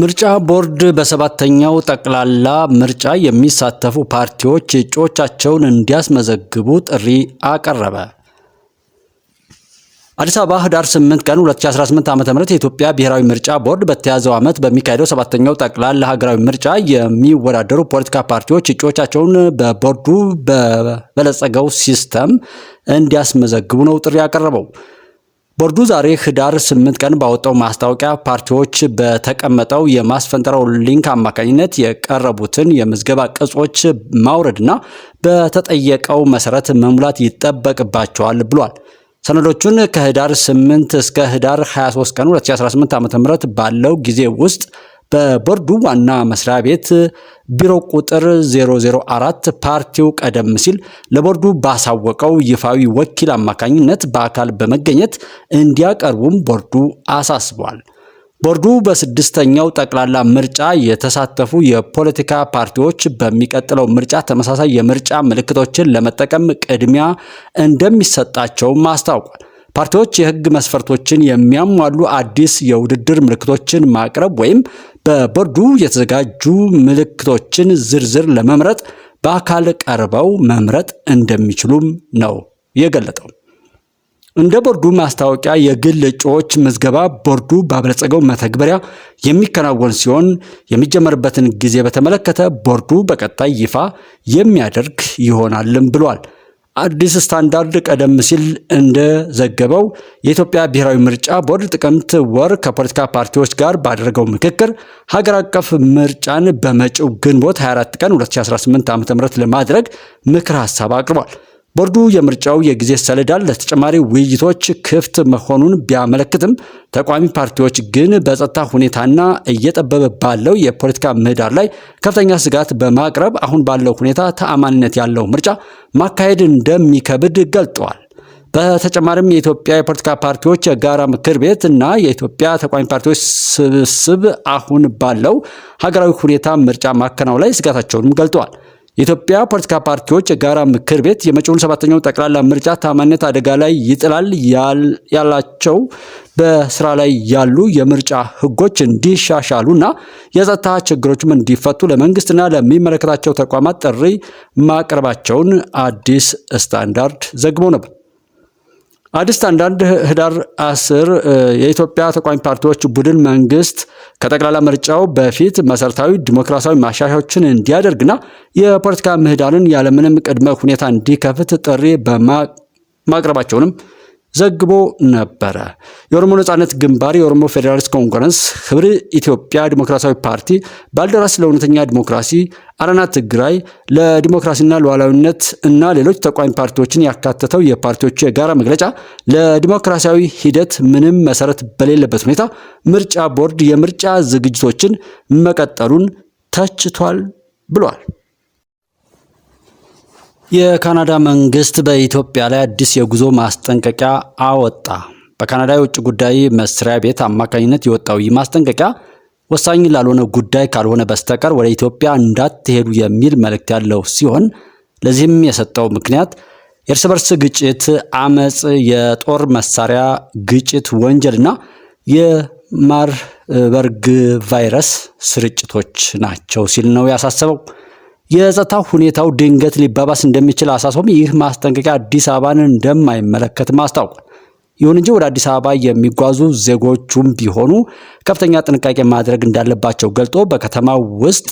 ምርጫ ቦርድ በሰባተኛው ጠቅላላ ምርጫ የሚሳተፉ ፓርቲዎች እጩዎቻቸውን እንዲያስመዘግቡ ጥሪ አቀረበ። አዲስ አበባ ህዳር 8 ቀን 2018 ዓ ም የኢትዮጵያ ብሔራዊ ምርጫ ቦርድ በተያዘው ዓመት በሚካሄደው ሰባተኛው ጠቅላላ ሀገራዊ ምርጫ የሚወዳደሩ ፖለቲካ ፓርቲዎች እጩዎቻቸውን በቦርዱ በበለጸገው ሲስተም እንዲያስመዘግቡ ነው ጥሪ ያቀረበው። ቦርዱ ዛሬ ህዳር 8 ቀን ባወጣው ማስታወቂያ ፓርቲዎች በተቀመጠው የማስፈንጠረው ሊንክ አማካኝነት የቀረቡትን የምዝገባ ቅጾች ማውረድና በተጠየቀው መሰረት መሙላት ይጠበቅባቸዋል ብሏል። ሰነዶቹን ከህዳር 8 እስከ ህዳር 23 ቀን 2018 ዓ.ም ባለው ጊዜ ውስጥ በቦርዱ ዋና መስሪያ ቤት ቢሮ ቁጥር 004 ፓርቲው ቀደም ሲል ለቦርዱ ባሳወቀው ይፋዊ ወኪል አማካኝነት በአካል በመገኘት እንዲያቀርቡም ቦርዱ አሳስቧል። ቦርዱ በስድስተኛው ጠቅላላ ምርጫ የተሳተፉ የፖለቲካ ፓርቲዎች በሚቀጥለው ምርጫ ተመሳሳይ የምርጫ ምልክቶችን ለመጠቀም ቅድሚያ እንደሚሰጣቸውም አስታውቋል። ፓርቲዎች የሕግ መስፈርቶችን የሚያሟሉ አዲስ የውድድር ምልክቶችን ማቅረብ ወይም በቦርዱ የተዘጋጁ ምልክቶችን ዝርዝር ለመምረጥ በአካል ቀርበው መምረጥ እንደሚችሉም ነው የገለጠው። እንደ ቦርዱ ማስታወቂያ የግል እጩዎች ምዝገባ ቦርዱ ባበለጸገው መተግበሪያ የሚከናወን ሲሆን የሚጀመርበትን ጊዜ በተመለከተ ቦርዱ በቀጣይ ይፋ የሚያደርግ ይሆናልም ብሏል። አዲስ ስታንዳርድ ቀደም ሲል እንደዘገበው የኢትዮጵያ ብሔራዊ ምርጫ ቦርድ ጥቅምት ወር ከፖለቲካ ፓርቲዎች ጋር ባደረገው ምክክር ሀገር አቀፍ ምርጫን በመጪው ግንቦት 24 ቀን 2018 ዓ.ም ለማድረግ ምክር ሀሳብ አቅርቧል። ቦርዱ የምርጫው የጊዜ ሰሌዳ ለተጨማሪ ውይይቶች ክፍት መሆኑን ቢያመለክትም ተቃዋሚ ፓርቲዎች ግን በጸጥታ ሁኔታና እየጠበበ ባለው የፖለቲካ ምህዳር ላይ ከፍተኛ ስጋት በማቅረብ አሁን ባለው ሁኔታ ተአማንነት ያለው ምርጫ ማካሄድ እንደሚከብድ ገልጠዋል። በተጨማሪም የኢትዮጵያ የፖለቲካ ፓርቲዎች የጋራ ምክር ቤት እና የኢትዮጵያ ተቃዋሚ ፓርቲዎች ስብስብ አሁን ባለው ሀገራዊ ሁኔታ ምርጫ ማከናወን ላይ ስጋታቸውንም ገልጠዋል። የኢትዮጵያ ፖለቲካ ፓርቲዎች የጋራ ምክር ቤት የመጪውን ሰባተኛው ጠቅላላ ምርጫ ታማኝነት አደጋ ላይ ይጥላል ያላቸው በስራ ላይ ያሉ የምርጫ እንዲሻሻሉ እንዲሻሻሉና የጸጥታ ችግሮችም እንዲፈቱ ለመንግስትና ለሚመለከታቸው ተቋማት ጥሪ ማቅረባቸውን አዲስ ስታንዳርድ ዘግቦ ነበር። አዲስ አንዳንድ ህዳር 10 የኢትዮጵያ ተቃዋሚ ፓርቲዎች ቡድን መንግስት ከጠቅላላ ምርጫው በፊት መሰረታዊ ዲሞክራሲያዊ ማሻሻያዎችን እንዲያደርግና የፖለቲካ ምህዳርን ያለምንም ቅድመ ሁኔታ እንዲከፍት ጥሪ በማቅረባቸውንም ዘግቦ ነበረ። የኦሮሞ ነጻነት ግንባር፣ የኦሮሞ ፌዴራሊስት ኮንግረስ፣ ህብር ኢትዮጵያ ዲሞክራሲያዊ ፓርቲ፣ ባልደራስ ለእውነተኛ ዲሞክራሲ፣ አረና ትግራይ፣ ለዲሞክራሲና ለዋላዊነት እና ሌሎች ተቋሚ ፓርቲዎችን ያካተተው የፓርቲዎቹ የጋራ መግለጫ ለዲሞክራሲያዊ ሂደት ምንም መሰረት በሌለበት ሁኔታ ምርጫ ቦርድ የምርጫ ዝግጅቶችን መቀጠሉን ተችቷል ብሏል። የካናዳ መንግስት በኢትዮጵያ ላይ አዲስ የጉዞ ማስጠንቀቂያ አወጣ። በካናዳ የውጭ ጉዳይ መስሪያ ቤት አማካኝነት የወጣው ይህ ማስጠንቀቂያ ወሳኝ ላልሆነ ጉዳይ ካልሆነ በስተቀር ወደ ኢትዮጵያ እንዳትሄዱ የሚል መልእክት ያለው ሲሆን ለዚህም የሰጠው ምክንያት የእርስ በርስ ግጭት፣ አመፅ፣ የጦር መሳሪያ ግጭት፣ ወንጀልና የማርበርግ ቫይረስ ስርጭቶች ናቸው ሲል ነው ያሳሰበው። የጸጥታ ሁኔታው ድንገት ሊባባስ እንደሚችል አሳስቦም ይህ ማስጠንቀቂያ አዲስ አበባን እንደማይመለከትም አስታውቋል። ይሁን እንጂ ወደ አዲስ አበባ የሚጓዙ ዜጎቹም ቢሆኑ ከፍተኛ ጥንቃቄ ማድረግ እንዳለባቸው ገልጦ በከተማ ውስጥ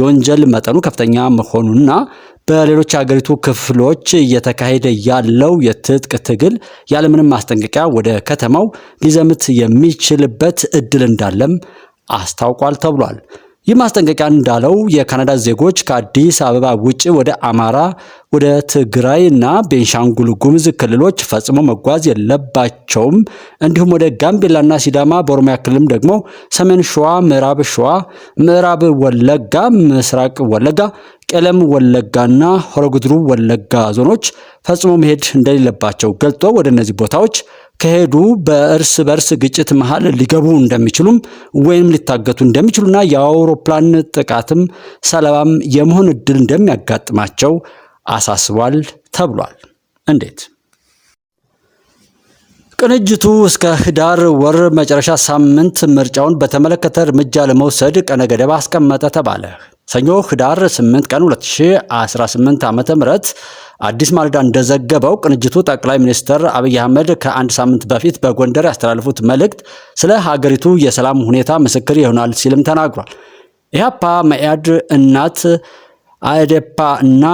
የወንጀል መጠኑ ከፍተኛ መሆኑና በሌሎች የሀገሪቱ ክፍሎች እየተካሄደ ያለው የትጥቅ ትግል ያለምንም ማስጠንቀቂያ ወደ ከተማው ሊዘምት የሚችልበት እድል እንዳለም አስታውቋል ተብሏል። ይህ ማስጠንቀቂያ እንዳለው የካናዳ ዜጎች ከአዲስ አበባ ውጭ ወደ አማራ፣ ወደ ትግራይ እና ቤንሻንጉል ጉሙዝ ክልሎች ፈጽሞ መጓዝ የለባቸውም። እንዲሁም ወደ ጋምቤላና ሲዳማ፣ በኦሮሚያ ክልልም ደግሞ ሰሜን ሸዋ፣ ምዕራብ ሸዋ፣ ምዕራብ ወለጋ፣ ምስራቅ ወለጋ፣ ቄለም ወለጋ ና ሆረጉድሩ ወለጋ ዞኖች ፈጽሞ መሄድ እንደሌለባቸው ገልጦ ወደ እነዚህ ቦታዎች ከሄዱ በእርስ በርስ ግጭት መሃል ሊገቡ እንደሚችሉም ወይም ሊታገቱ እንደሚችሉና የአውሮፕላን ጥቃትም ሰለባም የመሆን እድል እንደሚያጋጥማቸው አሳስቧል ተብሏል። እንዴት ቅንጅቱ እስከ ህዳር ወር መጨረሻ ሳምንት ምርጫውን በተመለከተ እርምጃ ለመውሰድ ቀነ ገደብ አስቀመጠ ተባለ። ሰኞ ህዳር 8 ቀን 2018 ዓ.ም አዲስ ማለዳ እንደዘገበው ቅንጅቱ ጠቅላይ ሚኒስትር አብይ አህመድ ከአንድ ሳምንት በፊት በጎንደር ያስተላለፉት መልእክት ስለ ሀገሪቱ የሰላም ሁኔታ ምስክር ይሆናል ሲልም ተናግሯል። ኢህአፓ፣ መኢአድ፣ እናት፣ አዴፓ እና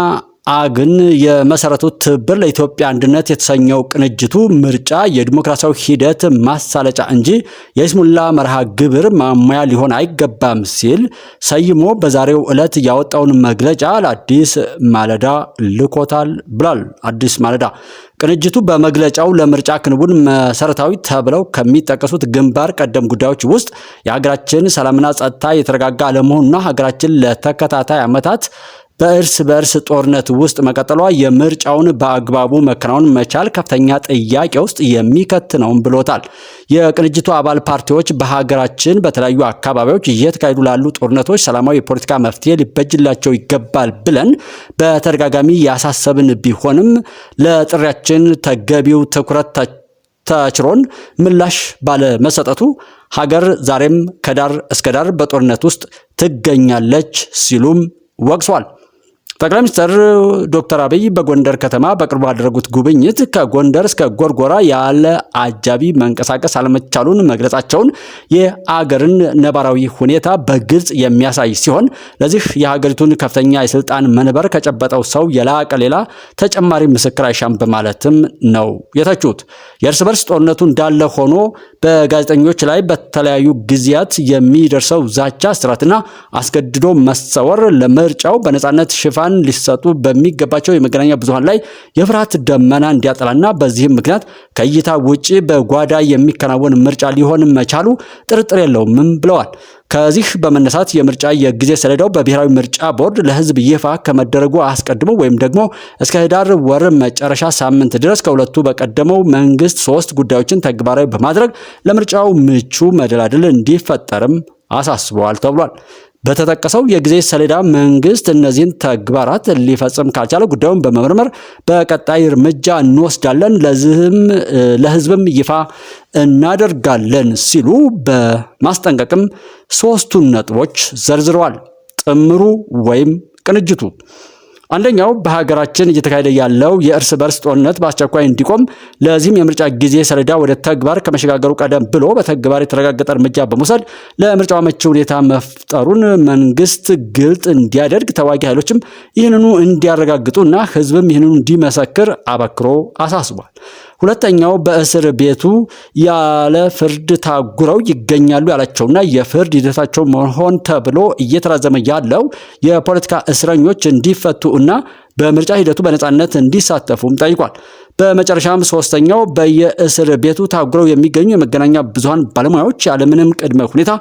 አግን የመሰረቱት ትብብር ለኢትዮጵያ አንድነት የተሰኘው ቅንጅቱ ምርጫ የዲሞክራሲያዊ ሂደት ማሳለጫ እንጂ የይስሙላ መርሃ ግብር ማሟያ ሊሆን አይገባም ሲል ሰይሞ በዛሬው ዕለት ያወጣውን መግለጫ ለአዲስ ማለዳ ልኮታል ብሏል። አዲስ ማለዳ ቅንጅቱ በመግለጫው ለምርጫ ክንውን መሰረታዊ ተብለው ከሚጠቀሱት ግንባር ቀደም ጉዳዮች ውስጥ የሀገራችን ሰላምና ጸጥታ የተረጋጋ አለመሆኑና ሀገራችን ለተከታታይ ዓመታት በእርስ በእርስ ጦርነት ውስጥ መቀጠሏ የምርጫውን በአግባቡ መከናወን መቻል ከፍተኛ ጥያቄ ውስጥ የሚከት ነውም ብሎታል። የቅንጅቱ አባል ፓርቲዎች በሀገራችን በተለያዩ አካባቢዎች እየተካሄዱ ላሉ ጦርነቶች ሰላማዊ የፖለቲካ መፍትሄ ሊበጅላቸው ይገባል ብለን በተደጋጋሚ ያሳሰብን ቢሆንም ለጥሪያችን ተገቢው ትኩረት ተችሮን ምላሽ ባለመሰጠቱ ሀገር ዛሬም ከዳር እስከ ዳር በጦርነት ውስጥ ትገኛለች ሲሉም ወቅሷል። ጠቅላይ ሚኒስትር ዶክተር አብይ በጎንደር ከተማ በቅርቡ ያደረጉት ጉብኝት ከጎንደር እስከ ጎርጎራ ያለ አጃቢ መንቀሳቀስ አለመቻሉን መግለጻቸውን የአገርን ነባራዊ ሁኔታ በግልጽ የሚያሳይ ሲሆን ለዚህ የሀገሪቱን ከፍተኛ የስልጣን መንበር ከጨበጠው ሰው የላቀ ሌላ ተጨማሪ ምስክር አይሻም በማለትም ነው የተቹት። የእርስ በርስ ጦርነቱ እንዳለ ሆኖ በጋዜጠኞች ላይ በተለያዩ ጊዜያት የሚደርሰው ዛቻ፣ እስራትና አስገድዶ መሰወር ለምርጫው በነጻነት ሽፋን ሽፋን ሊሰጡ በሚገባቸው የመገናኛ ብዙሃን ላይ የፍርሃት ደመና እንዲያጠላና በዚህም ምክንያት ከእይታ ውጪ በጓዳ የሚከናወን ምርጫ ሊሆን መቻሉ ጥርጥር የለውምም ብለዋል። ከዚህ በመነሳት የምርጫ የጊዜ ሰሌዳው በብሔራዊ ምርጫ ቦርድ ለሕዝብ ይፋ ከመደረጉ አስቀድሞ ወይም ደግሞ እስከ ህዳር ወር መጨረሻ ሳምንት ድረስ ከሁለቱ በቀደመው መንግስት ሶስት ጉዳዮችን ተግባራዊ በማድረግ ለምርጫው ምቹ መደላደል እንዲፈጠርም አሳስበዋል ተብሏል። በተጠቀሰው የጊዜ ሰሌዳ መንግስት እነዚህን ተግባራት ሊፈጽም ካልቻለ ጉዳዩን በመመርመር በቀጣይ እርምጃ እንወስዳለን፣ ለህዝብም ይፋ እናደርጋለን ሲሉ በማስጠንቀቅም ሶስቱን ነጥቦች ዘርዝረዋል። ጥምሩ ወይም ቅንጅቱ አንደኛው በሀገራችን እየተካሄደ ያለው የእርስ በርስ ጦርነት በአስቸኳይ እንዲቆም ለዚህም የምርጫ ጊዜ ሰሌዳ ወደ ተግባር ከመሸጋገሩ ቀደም ብሎ በተግባር የተረጋገጠ እርምጃ በመውሰድ ለምርጫው አመቺ ሁኔታ መፍጠሩን መንግስት ግልጥ እንዲያደርግ ተዋጊ ኃይሎችም ይህንኑ እንዲያረጋግጡ እና ህዝብም ይህንኑ እንዲመሰክር አበክሮ አሳስቧል። ሁለተኛው በእስር ቤቱ ያለ ፍርድ ታጉረው ይገኛሉ ያላቸውና የፍርድ ሂደታቸው መሆን ተብሎ እየተራዘመ ያለው የፖለቲካ እስረኞች እንዲፈቱ እና በምርጫ ሂደቱ በነፃነት እንዲሳተፉም ጠይቋል። በመጨረሻም ሶስተኛው በየእስር ቤቱ ታጉረው የሚገኙ የመገናኛ ብዙሃን ባለሙያዎች ያለምንም ቅድመ ሁኔታ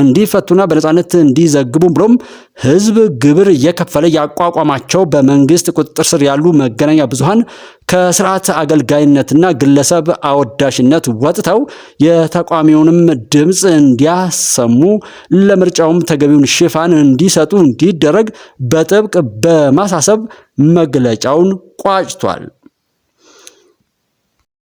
እንዲፈቱና በነፃነት እንዲዘግቡ ብሎም ህዝብ ግብር እየከፈለ ያቋቋማቸው በመንግስት ቁጥጥር ስር ያሉ መገናኛ ብዙሃን ከስርዓት አገልጋይነትና ግለሰብ አወዳሽነት ወጥተው የተቃዋሚውንም ድምፅ እንዲያሰሙ ለምርጫውም ተገቢውን ሽፋን እንዲሰጡ እንዲደረግ በጥብቅ በማሳሰብ መግለጫውን ቋጭቷል።